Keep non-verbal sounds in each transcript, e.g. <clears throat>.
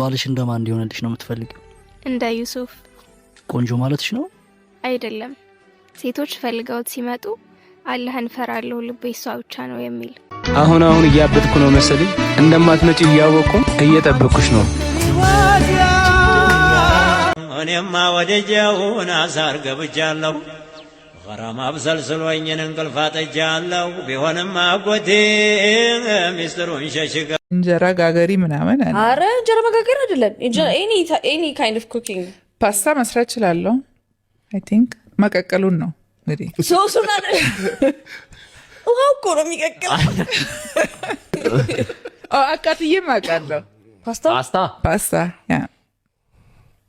ባልሽ እንደማን እንዲሆንልሽ ነው የምትፈልግ እንደ ዩሱፍ። ቆንጆ ማለትሽ ነው? አይደለም፣ ሴቶች ፈልገውት ሲመጡ አላህን ፈራለሁ ልቤ እሷ ብቻ ነው የሚል። አሁን አሁን እያበትኩ ነው መሰልኝ እንደማትመጪ እያወቅኩ እየጠበቅኩሽ ነው። እኔማ ወደ አዛር ገብጃለሁ። ኸራም አብሰልስሎኝን እንቅልፍ አጠጃለሁ። ቢሆንም አጎቴ ሚስጥሩን ሸሽገ እንጀራ ጋገሪ ምናምን። አረ እንጀራ መጋገር አይደለም፣ ኤኒ ካይንድ ኦፍ ኩኪንግ ፓስታ መስራት እችላለሁ። አይ ቲንክ መቀቀሉን ነው እንግዲህ ሶሱን ውሃ እኮ ነው የሚቀቅል። <laughs> አቃትዬም አውቃለሁ ፓስታ ፓስታ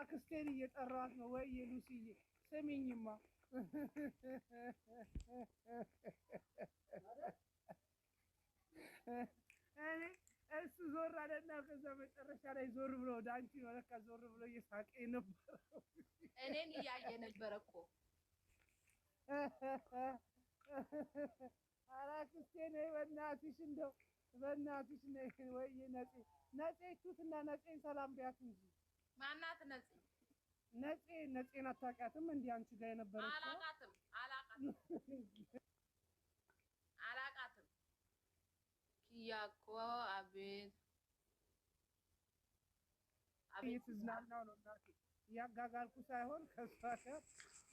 አክስቴን እየጠራት ነው ወይ ሉሲዬ፣ ስሚኝማ እሱ ዞር አለና ከዛ መጨረሻ ላይ ዞር ብሎ ወደ አንቺ ነው ለካ ዞር ብሎ እየሳቀ የነበረው። እኔን እያየ ነበረ እኮ። ኧረ አክስቴ ነይ በእናትሽ፣ እንደው በእናትሽ ነይ። ወይዬ ነፄ ነፄ ነፄን ሰላም ቢያት እንጂ ማናት ነፂ? ነፂ ነፂን አታውቂያትም? እንዲህ አንቺ ጋር የነበረችው አላውቃትም፣ አላውቃትም፣ አላውቃትም። ኪያ አቤት አቤት፣ ዝናናው ነው እናቴ እያጋጋልኩ ሳይሆን ከእሷ ጋር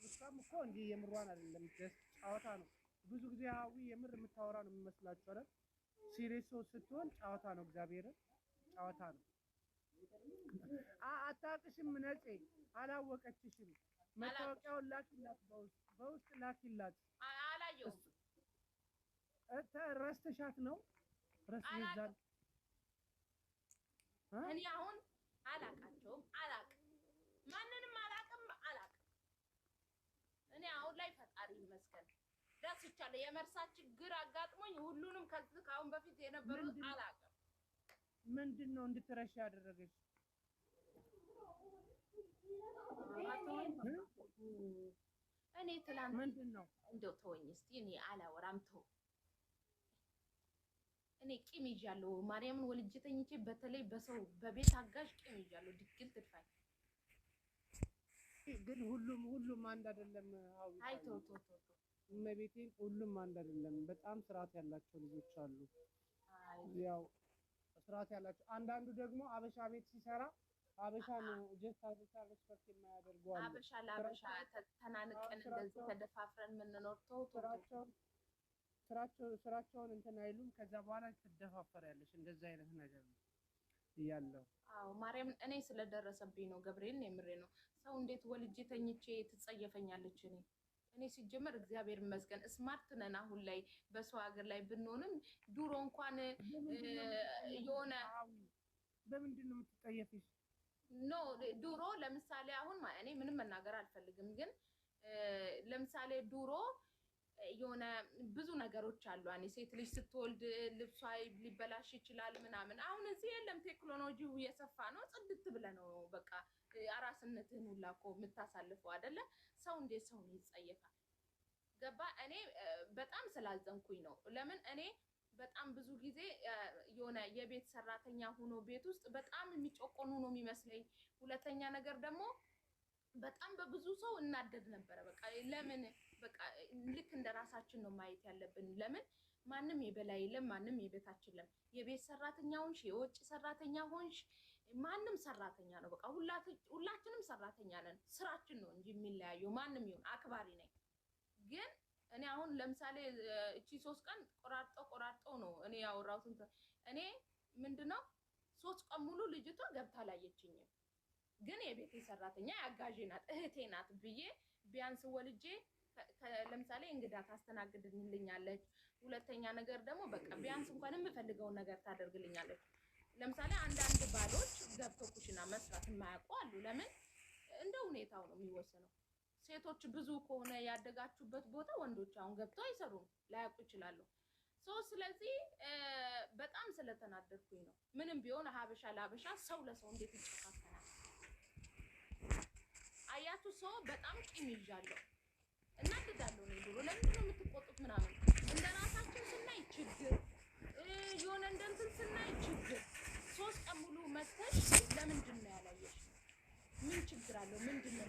እሷም እኮ እንዲህ የምሯን አይደለም፣ ጨዋታ ነው። ብዙ ጊዜ ሀዊ የምር የምታወራ ነው የሚመስላችሁ አይደል? ሲሪየስ ሰው ስትሆን ጨዋታ ነው። እግዚአብሔርን ጨዋታ ነው። አታውቅሽም። ነፄ አላወቀችሽም። መታወቂያውን ላኪላት፣ በውስጥ ላኪላት። ረስተሻት ነው ረስተሻት። እኔ አሁን አላቃቸውም፣ አላቅም፣ ማንንም አላቅም፣ አላቅም። እኔ አሁን ላይ ፈጣሪ ይመስገን ደስ የመርሳት ችግር አጋጥሞኝ ሁሉንም ከዚህ ከአሁን በፊት የነበሩት አላቅም። ምንድን ነው እንድትረሻ ያደረገች? እኔ ትላንት ምንድን ነው እንደው ተወኝ እስኪ እኔ አላወራም ተው። እኔ ቂም ይዣለሁ ማርያምን ወልጄ ተኝቼ በተለይ በሰው በቤት አጋዥ ቂም ይዣለሁ። ድግል ትድፋኝ ግን ሁሉም ሁሉም አንድ አይደለም። አይ ተው ተው ተው እመቤቴን ሁሉም አንድ አይደለም። በጣም ስርዓት ያላቸው ልጆች አሉ። ያው ስርዓት ያላቸው አንዳንዱ ደግሞ አበሻ ቤት ሲሰራ አበሻ ነው ጀስት አበሻ ሪስፐክት የማያደርጉ አሉ። አበሻ ለአበሻ ተናንቀን እንደዚህ ተደፋፍረን የምንኖር ስራቸው ስራቸውን እንትን አይሉም። ከዛ በኋላ ትደፋፈር ያለች እንደዛ አይነት ነገር ነው እያለው። አዎ ማርያም፣ እኔ ስለደረሰብኝ ነው ገብርኤል፣ የምሬ ነው። ሰው እንዴት ወልጄ ተኝቼ ትጸየፈኛለች እኔ እኔ ሲጀመር እግዚአብሔር ይመስገን ስማርት ነን። አሁን ላይ በሰው ሀገር ላይ ብንሆንም ድሮ እንኳን የሆነ በምንድን ነው የምትጠየፊው? ኖ ድሮ ለምሳሌ አሁን እኔ ምንም መናገር አልፈልግም፣ ግን ለምሳሌ ዱሮ የሆነ ብዙ ነገሮች አሉ። እኔ ሴት ልጅ ስትወልድ ልብሷ ሊበላሽ ይችላል ምናምን። አሁን እዚህ የለም፣ ቴክኖሎጂው እየሰፋ ነው። ጽድት ብለ ነው በቃ አራስነትህን ሁላ እኮ የምታሳልፈው አይደለ? ሰው እንዴት ሰውን ይጸየፋል? ገባ? እኔ በጣም ስላዘንኩኝ ነው። ለምን እኔ በጣም ብዙ ጊዜ የሆነ የቤት ሰራተኛ ሆኖ ቤት ውስጥ በጣም የሚጮቆኑ ነው የሚመስለኝ። ሁለተኛ ነገር ደግሞ በጣም በብዙ ሰው እናደድ ነበረ። በቃ ለምን በቃ ልክ እንደ ራሳችን ነው ማየት ያለብን። ለምን ማንም የበላይ የለም፣ ማንም የበታች የለም። የቤት ሰራተኛ ሆንሽ፣ የውጭ ሰራተኛ ሆንሽ፣ ማንም ሰራተኛ ነው። በቃ ሁላችንም ሰራተኛ ነን። ስራችን ነው እንጂ የሚለያየው። ማንም ይሁን አክባሪ ነኝ ግን እኔ አሁን ለምሳሌ እቺ ሶስት ቀን ቆራርጠው ቆራርጠው ነው እኔ ያወራሁትን እኔ ምንድነው ሶስት ቀን ሙሉ ልጅቷ ገብታ አላየችኝም። ግን የቤቴ ሰራተኛ አጋዤ ናት እህቴ ናት ብዬ ቢያንስ ወልጄ ለምሳሌ እንግዳ ታስተናግድልኛለች። ሁለተኛ ነገር ደግሞ በቃ ቢያንስ እንኳን የምፈልገውን ነገር ታደርግልኛለች። ለምሳሌ አንዳንድ ባሎች ገብቶ ኩሽና መስራት የማያውቁ አሉ። ለምን እንደ ሁኔታው ነው የሚወሰነው። ሴቶች ብዙ ከሆነ ያደጋችሁበት ቦታ ወንዶች አሁን ገብተው አይሰሩም፣ ላያውቁ ይችላሉ። ሶ ስለዚህ በጣም ስለተናደድኩኝ ነው። ምንም ቢሆን ሀበሻ ለሀበሻ ሰው ለሰው እንዴት ይጨካከናል? አያችሁ፣ ሰው በጣም ቂም ይዣለሁ፣ እናድዳለሁ ነው ብሎ ለምንድን ነው የምትቆጡት? ምናምን እንደ ራሳችን ስናይ ችግር የሆነ እንደ ስናይ ችግር ሶስት ቀን ሙሉ መተሽ ለምንድን ነው ያላየሽ? ምን ችግር አለው? ምንድን ነው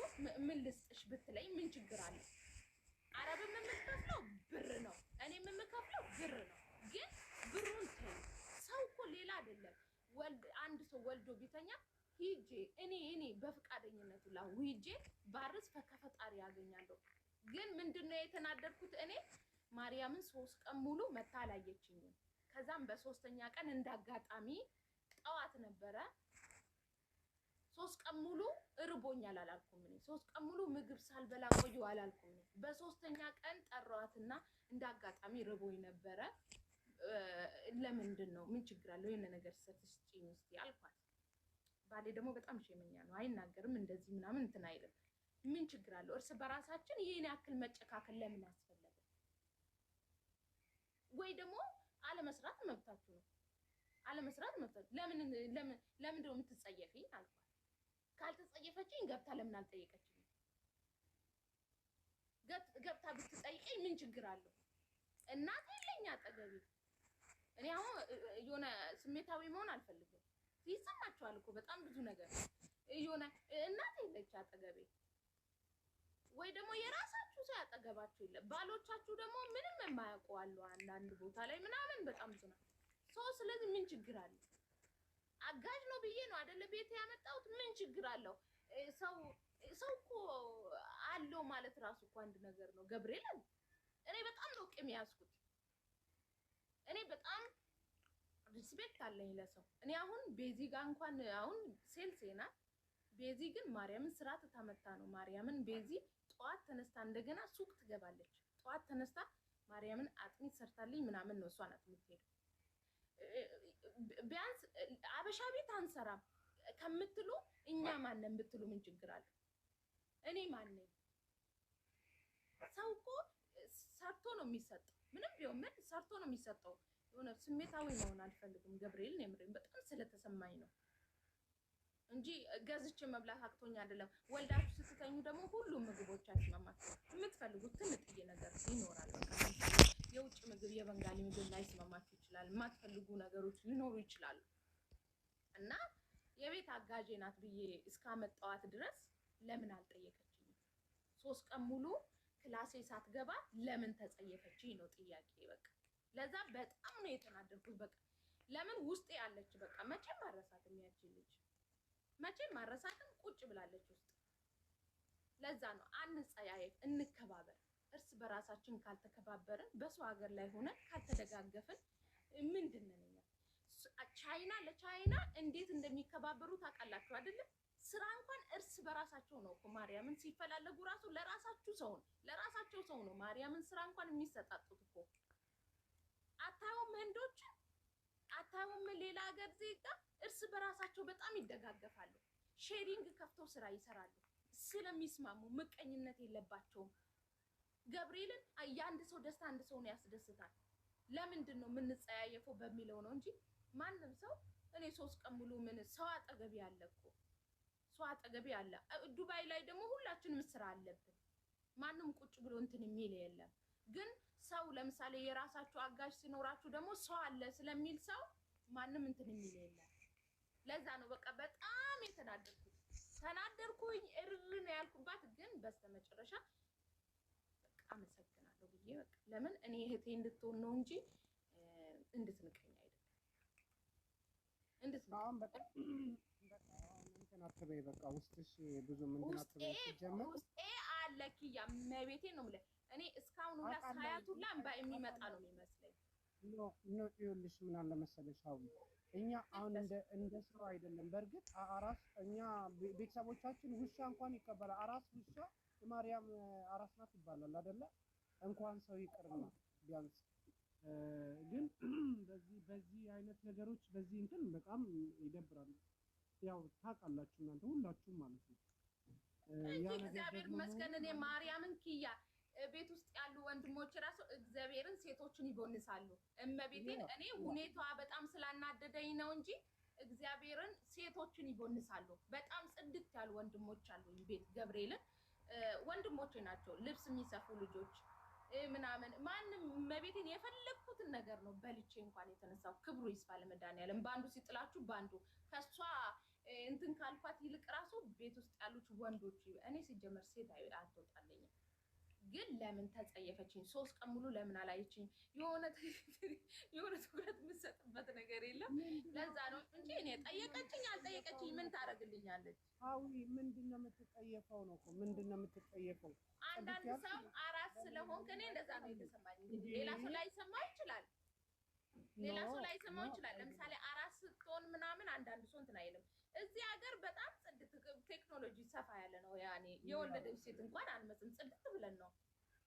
ሶስት ምን ልስጥሽ ብትለኝ ምን ችግር አለ? አረብም የምትከፍለው ብር ነው፣ እኔም የምከፍለው ብር ነው። ግን ብሩን ተይ። ሰው እኮ ሌላ አይደለም። አንድ ሰው ወልዶ ቢተኛ ሂጄ እኔ እኔ በፈቃደኝነቱ ላ ሂጄ ባርስ ከፈጣሪ ያገኛለሁ። ግን ምንድነው የተናደድኩት እኔ ማርያምን ሶስት ቀን ሙሉ መታ አላየችኝም። ከዛም በሶስተኛ ቀን እንዳጋጣሚ ጠዋት ነበረ ሶስት ቀን ሙሉ እርቦኛል አላልኩም እኔ። ሶስት ቀን ሙሉ ምግብ ሳልበላ ቆዩ አላልኩም እኔ። በሶስተኛ ቀን ጠራዋትና እንደ አጋጣሚ ርቦኝ ነበረ። ለምንድን ነው ምን ችግር አለው? የሆነ ነገር ሰርተሽ ስጪኝ እስኪ አልኳት። ባሌ ደግሞ በጣም ሸመኛ ነው፣ አይናገርም፣ እንደዚህ ምናምን እንትን አይልም። ምን ችግር አለው? እርስ በራሳችን ይህን ያክል መጨካከል ለምን አስፈለገ? ወይ ደግሞ አለመስራት መብታችሁ ነው። አለመስራት መብታችሁ ለምን ለምን ለምን እንደው የምትጸየፊኝ አልኳት። ካልተጸየፈችኝ ገብታ ለምን አልጠየቀችኝም? ገብታ ብትጠይቀኝ ምን ችግር አለው? እናት የለኝ አጠገቤ። እኔ አሁን የሆነ ስሜታዊ መሆን አልፈልግም። ይሰማችኋል እኮ በጣም ብዙ ነገር የሆነ እናት የለች አጠገቤ ወይ ደግሞ የራሳችሁ ሰው ያጠገባችሁ የለም። ባሎቻችሁ ደግሞ ምንም የማያውቁ አሉ አንዳንድ ቦታ ላይ ምናምን በጣም ብዙ ናቸው። ሰው ስለዚህ ምን ችግር አለው? አጋዥ ነው ብዬ ነው አደለ ቤት ያመጣሁት። ምን ችግር አለው? ሰው ሰው እኮ አለው ማለት ራሱ እኮ አንድ ነገር ነው። ገብርኤል እኔ በጣም ነው ቅም ያዝኩት። እኔ በጣም ሪስፔክት አለኝ ለሰው። እኔ አሁን ቤዚ ጋር እንኳን አሁን ሴልሴ ናት። ቤዚ ግን ማርያምን ስራ ትታመታ ነው። ማርያምን ቤዚ ጠዋት ተነስታ እንደገና ሱቅ ትገባለች። ጠዋት ተነስታ ማርያምን አጥሚት ሰርታልኝ ምናምን ነው እሷ ናት የምትሄደው ቢያንስ አበሻ ቤት አንሰራም ከምትሉ እኛ ማነን ብትሉ ምን ችግር አለ? እኔ ማነኝ? ሰው እኮ ሰርቶ ነው የሚሰጠው። ምንም ቢሆን ምን ሰርቶ ነው የሚሰጠው። የሆነ ስሜታዊ መሆን አልፈልግም። ገብርኤል የምሬን በጣም ስለተሰማኝ ነው እንጂ ገዝቼ መብላት አቅቶኝ አይደለም። ወልዳችሁ ስትተኙ ደግሞ ሁሉም ምግቦቻችሁ መማት የምትፈልጉት ትንጥዬ ነገር ይኖራል። የውጭ ምግብ የበንጋሊ ምግብ ላይስማማችሁ ይችላል። የማትፈልጉ ነገሮች ሊኖሩ ይችላሉ እና የቤት አጋዤ ናት ብዬ እስካመጣዋት ድረስ ለምን አልጠየቀችኝም? ሶስት ቀን ሙሉ ክላሴ ሳትገባ ለምን ተጸየፈችኝ ነው ጥያቄ። በቃ ለዛ በጣም ነው የተናደርኩት። በቃ ለምን ውስጤ አለች። በቃ መቼም ማረሳትም ያቺ ልጅ መቼም ማረሳትም ቁጭ ብላለች ውስጥ። ለዛ ነው አንጸያየፍ፣ እንከባበር እርስ በራሳችን ካልተከባበርን በሰው ሀገር ላይ ሆነን ካልተደጋገፍን ምንድን ነው? ቻይና ለቻይና እንዴት እንደሚከባበሩ ታውቃላችሁ አይደለም? ስራ እንኳን እርስ በራሳቸው ነው እኮ ማርያምን ሲፈላለጉ ራሱ ለራሳችሁ ነው ለራሳቸው ሰው ነው ማርያምን ስራ እንኳን የሚሰጣጡት እኮ አታዩም? ህንዶችን አታዩም? ሌላ ሀገር ዜጋ እርስ በራሳቸው በጣም ይደጋገፋሉ። ሼሪንግ ከፍተው ስራ ይሰራሉ ስለሚስማሙ ምቀኝነት የለባቸውም። ገብርኤልን የአንድ ሰው ደስታ አንድ ሰው ያስደስታል። ለምንድን ነው የምንጸያየፈው በሚለው ነው እንጂ ማንም ሰው እኔ ሶስት ቀን ሙሉ ምን ሰው አጠገቢ አለ እኮ ሰው አጠገቢ አለ። ዱባይ ላይ ደግሞ ሁላችንም ስራ አለብን። ማንም ቁጭ ብሎ እንትን የሚል የለም። ግን ሰው ለምሳሌ የራሳችሁ አጋዥ ሲኖራችሁ ደግሞ ሰው አለ ስለሚል ሰው ማንም እንትን የሚል የለም። ለዛ ነው በቃ በጣም የተናደርኩት ተናደርኩኝ እርር ነው ያልኩባት። ግን በስተመጨረሻ አመሰግናለሁ ብዬ በቃ ለምን እኔ እህቴ እንድትሆን ነው እንጂ እንድትንቀኝ አይደለም። እንድትንቀኝ በጣም እንትን አትበይ፣ በቃ ውስጥሽ ብዙ አትበይ። ውስጤ አለ ኪያ፣ መቤቴ ነው የምልህ እኔ እስካሁን ሁላ የሚመጣ ነው የሚመስለኝ። ኖ ኖ ይኸውልሽ ምን አለ መሰለሽ አሁን እኛ አሁን እንደ እንደ ሰው አይደለም። በእርግጥ አራስ እኛ ቤተሰቦቻችን ውሻ እንኳን ይቀበላል አራስ ውሻ ማርያም አራስ ናት ይባላል አይደለ? እንኳን ሰው ይቅርና ቢያንስ ግን <clears throat> በዚህ በዚህ አይነት ነገሮች በዚህ እንትን በጣም ይደብራሉ። ያው ታውቃላችሁ እናንተ ሁላችሁም ማለት ነው። እግዚአብሔር ይመስገን እኔ ማርያምን ኪያ ቤት ውስጥ ያሉ ወንድሞች ራሱ እግዚአብሔርን ሴቶችን ይጎንሳሉ። እመቤቴን እኔ ሁኔታዋ በጣም ስላናደደኝ ነው እንጂ እግዚአብሔርን ሴቶችን ይጎንሳሉ። በጣም ጽድት ያሉ ወንድሞች አሉኝ ቤት ገብርኤልን ወንድሞቼ ናቸው። ልብስ የሚሰፉ ልጆች ምናምን ማንም መቤቴን የፈለግኩትን ነገር ነው በልቼ እንኳን የተነሳው። ክብሩ ይስፋ ለመድኃኒዓለም። በአንዱ ሲጥላችሁ በአንዱ ከሷ እንትን ካልኳት ይልቅ ራሱ ቤት ውስጥ ያሉት ወንዶች እኔ ሲጀመር ሴት አትወጣለኝም ግን ለምን ተጸየፈችኝ? ሶስት ቀን ሙሉ ለምን አላየችኝ? የሆነ <laughs> የሆነ ትኩረት የምትሰጥበት ነገር የለም። ለዛ ነው እንጂ እኔ ጠየቀችኝ አልጠየቀችኝ ምን ታደርግልኛለች? አዊ ምንድን ነው የምትጠየፈው? ነው ምንድን ነው የምትጠየፈው? አንዳንድ ሰው አራት ስለሆንክ እኔ እንደዛ ነው የተሰማኝ። ሌላ ሰው ላይ ሰማው ይችላል ሌላ ሰው ላይ ሰማው ይችላል። ለምሳሌ አራት ስትሆን ምናምን አንዳንድ ሰው እንትን አይልም እዚህ ሀገር በጣም ጽድት ቴክኖሎጂ ሰፋ ያለ ነው። ያኔ የወለደች ሴት እንኳን አንመስም፣ ጽድት ብለን ነው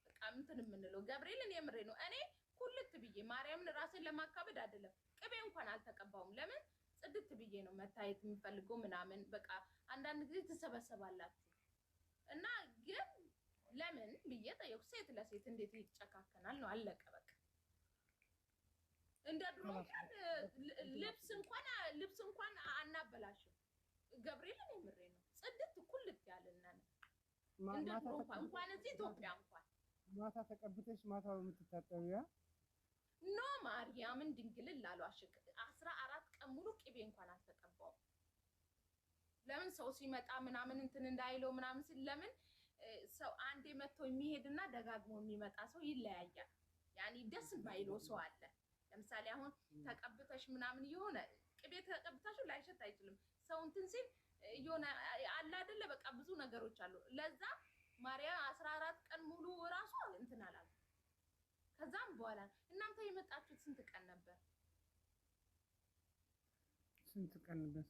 በቃ እንትን የምንለው። ገብርኤልን የምሬ ነው እኔ ኩልት ብዬ ማርያምን ራሴን ለማካበድ አይደለም፣ ቅቤ እንኳን አልተቀባውም። ለምን ጽድት ብዬ ነው መታየት የሚፈልገው ምናምን። በቃ አንዳንድ ጊዜ ትሰበሰባላችሁ እና ግን ለምን ብዬ ጠየኩ። ሴት ለሴት እንዴት ይጨካከናል ነው አለቀ በቃ እንደ ድሮ ልብስ እንኳን ልብስ እንኳን አናበላሽም። ገብርኤልን የምሬ ነው። ጽድት ኩልት ያለና ነው እንደ ድሮ እንኳን እዚህ ኢትዮጵያ እንኳን ማታ ተቀብተሽ ማታ በምትታጠቢያ ኖ ማርያምን ድንግልን ላሏሽክ አስራ አራት ቀን ሙሉ ቅቤ እንኳን አልተቀባውም። ለምን ሰው ሲመጣ ምናምን እንትን እንዳይለው ምናምን ሲል ለምን ሰው አንዴ መጥቶ የሚሄድና ደጋግሞ የሚመጣ ሰው ይለያያል። ያኔ ደስ የማይለው ሰው አለ። ለምሳሌ አሁን ተቀብተሽ ምናምን የሆነ ቅቤ ተቀብተሽ ላይሸት አይችልም። ሰው እንትን ሲል የሆነ አለ አይደለ? በቃ ብዙ ነገሮች አሉ። ለዛ ማርያ አስራ አራት ቀን ሙሉ እራሱ እንትን አላል። ከዛም በኋላ እናንተ የመጣችሁት ስንት ቀን ነበር? ስንት ቀን ነበር?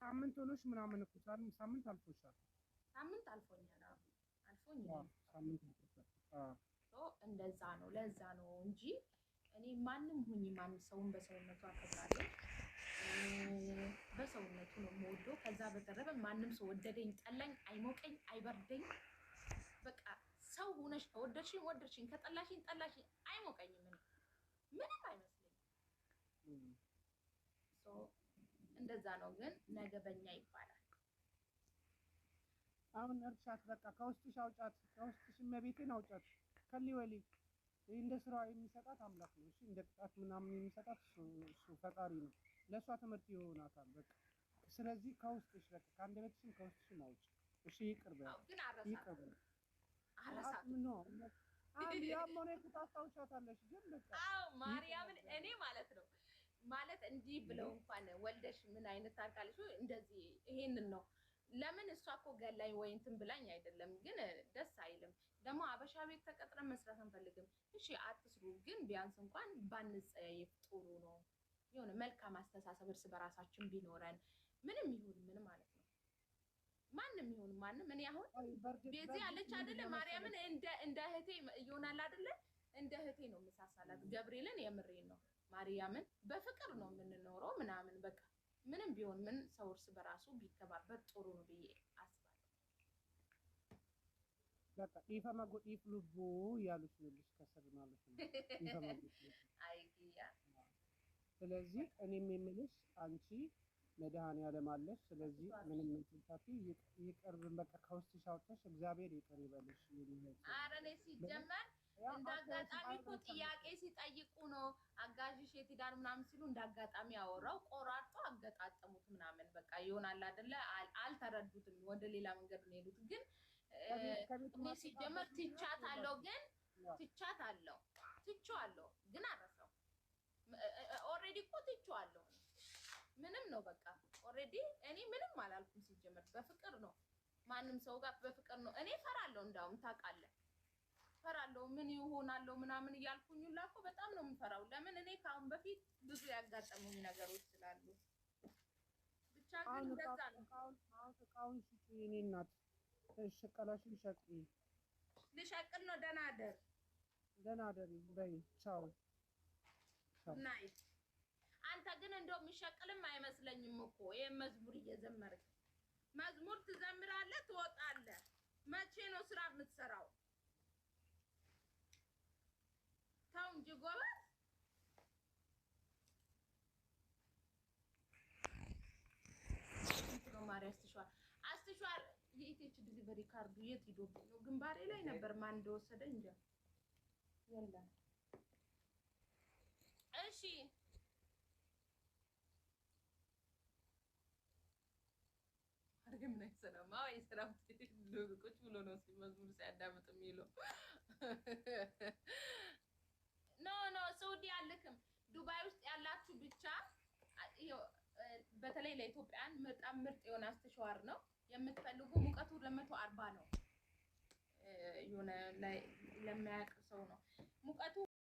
ሳምንት ሆኖሽ ምናምን እኮ ሳምንት አልፎሻል። ሳምንት አልፎኛል። አልፎኛል። ሳምንት አልፎሻል። እንደዛ ነው። ለዛ ነው እንጂ እኔ ማንም ሁኝ ማን ሰውን በሰውነቱ አከብራለሁ። በሰውነቱ ነው የምወደው። ከዛ በተረፈ ማንም ሰው ወደደኝ፣ ጠላኝ፣ አይሞቀኝ፣ አይበርደኝ። በቃ ሰው ሆነሽ ከወደድሽኝ ወደድሽኝ፣ ከጠላሽኝ ጠላሽኝ፣ አይሞቀኝም። ምን ምንም አይመስለኝም። እንደዛ ነው። ግን ነገ በእኛ ይባላል። አሁን እርሻት በቃ ከውስጥሽ አውጫት፣ ከውስጥሽ እመቤቴን አውጫት። ከሊወሊ እንደ ስራዋ የሚሰጣት አምላክ ነው። እሺ እንደ ቅጣት ምናምን የሚሰጣት እሱ ፈጣሪ ነው። ለእሷ ትምህርት ይሆናታል። በቃ ስለዚህ ከውስጥሽ በቃ ከአንድ በትሽም ከውስጥሽም አውጪ። እሺ ይቅር በያት፣ ይቅር በያት። ያም ሆነ ታስታውሻታለሽ፣ ግን በቃ አዎ፣ ማርያምን እኔ ማለት ነው ማለት እንዲህ ብለው እንኳን ወልደሽ ምን አይነት ታርቃለሽ እንደዚህ ይሄንን ነው ለምን እሷ እኮ ገላኝ ወይ እንትን ብላኝ አይደለም፣ ግን ደስ አይልም። ደግሞ አበሻ ቤት ተቀጥረን መስራት አንፈልግም። እሺ አትስሩ፣ ግን ቢያንስ እንኳን ባንጸያየፍ ጥሩ ነው። የሆነ መልካም አስተሳሰብ እርስ በራሳችን ቢኖረን ምንም ይሁን ምን ማለት ነው። ማንም ይሁን ማንም እኔ አሁን ቤዚ አለች አደለ ማርያምን እንደ እንደ እህቴ እየሆናል አደለ እንደ እህቴ ነው የምሳሳላት። ገብርኤልን የምሬን ነው። ማርያምን በፍቅር ነው የምንኖረው ምናምን በቃ ምንም ቢሆን ምን ሰው እርስ በራሱ ቢከባበር ጥሩ ነው ብዬ አስባለሁ። ያሉት ልጅ ከስር ማለት ነው። ስለዚህ እኔም የምልሽ አንቺ አለሽ። ስለዚህ ምንም በቃ ከውስጥሽ አውጥተሽ እግዚአብሔር ይቅር ይበልሽ። እኔ ሲጀመር እንደ አጋጣሚ እኮ ጥያቄ ሲጠይቁ ነው አጋዥሽ የትዳር ምናምን ሲሉ እንደ አጋጣሚ ያወራው ቆራርጦ አገጣጠሙት ምናምን በቃ ይሆናል አይደለ? አልተረዱትም። ወደ ሌላ መንገድ ነው የሄዱት። ግን እኔ ሲጀመር ትቻት አለው ግን ትቻት አለው ትቹ አለው ግን አረፈው ኦልሬዲ እኮ ትቹ አለው ምንም ነው በቃ ኦልሬዲ እኔ ምንም አላልኩም። ሲጀመር በፍቅር ነው ማንም ሰው ጋር በፍቅር ነው። እኔ ፈራለሁ እንዳውም ታውቃለህ እፈራለሁ። ምን ይሆናለሁ ምናምን እያልኩኝ ሁላ እኮ በጣም ነው የምፈራው። ለምን እኔ ከአሁን በፊት ብዙ ያጋጠሙኝ ነገሮች ስላሉ ብቻ ግን እንደዛ ነው። እቃውን ሽጪ፣ እኔ እናት ሸቀላሽን ሸቂ። ልሸቅል ነው። ደህና አደር፣ ደህና አደር በይ። ቻው ናይ። አንተ ግን እንደው የሚሸቅልም አይመስለኝም እኮ ይህ መዝሙር እየዘመርክ መዝሙር ትዘምራለህ፣ ትወጣለህ። መቼ ነው ስራ የምትሰራው? ተው እንጂ ጎበዝ። ማሪ አስትሸዋል አስትሸዋል። የኢቴች ዲሊቨሪ ካርዱ የት ሂዶብኝ ነው? ግንባሬ ላይ ነበር። ማን እንደወሰደ እንጃ። የለም እሺ አድርገን ምን አይሰራም። አዎ የሰራ ቁጭ ብሎ ነው መዝሙር ሲያዳምጥ የሚለው ሳውዲ አልክም። ዱባይ ውስጥ ያላችሁ ብቻ በተለይ ለኢትዮጵያን በጣም ምርጥ የሆነ አስተሸዋር ነው የምትፈልጉ። ሙቀቱ ለመቶ አርባ ነው የሆነ ለማያውቅ ሰው ነው ሙቀቱ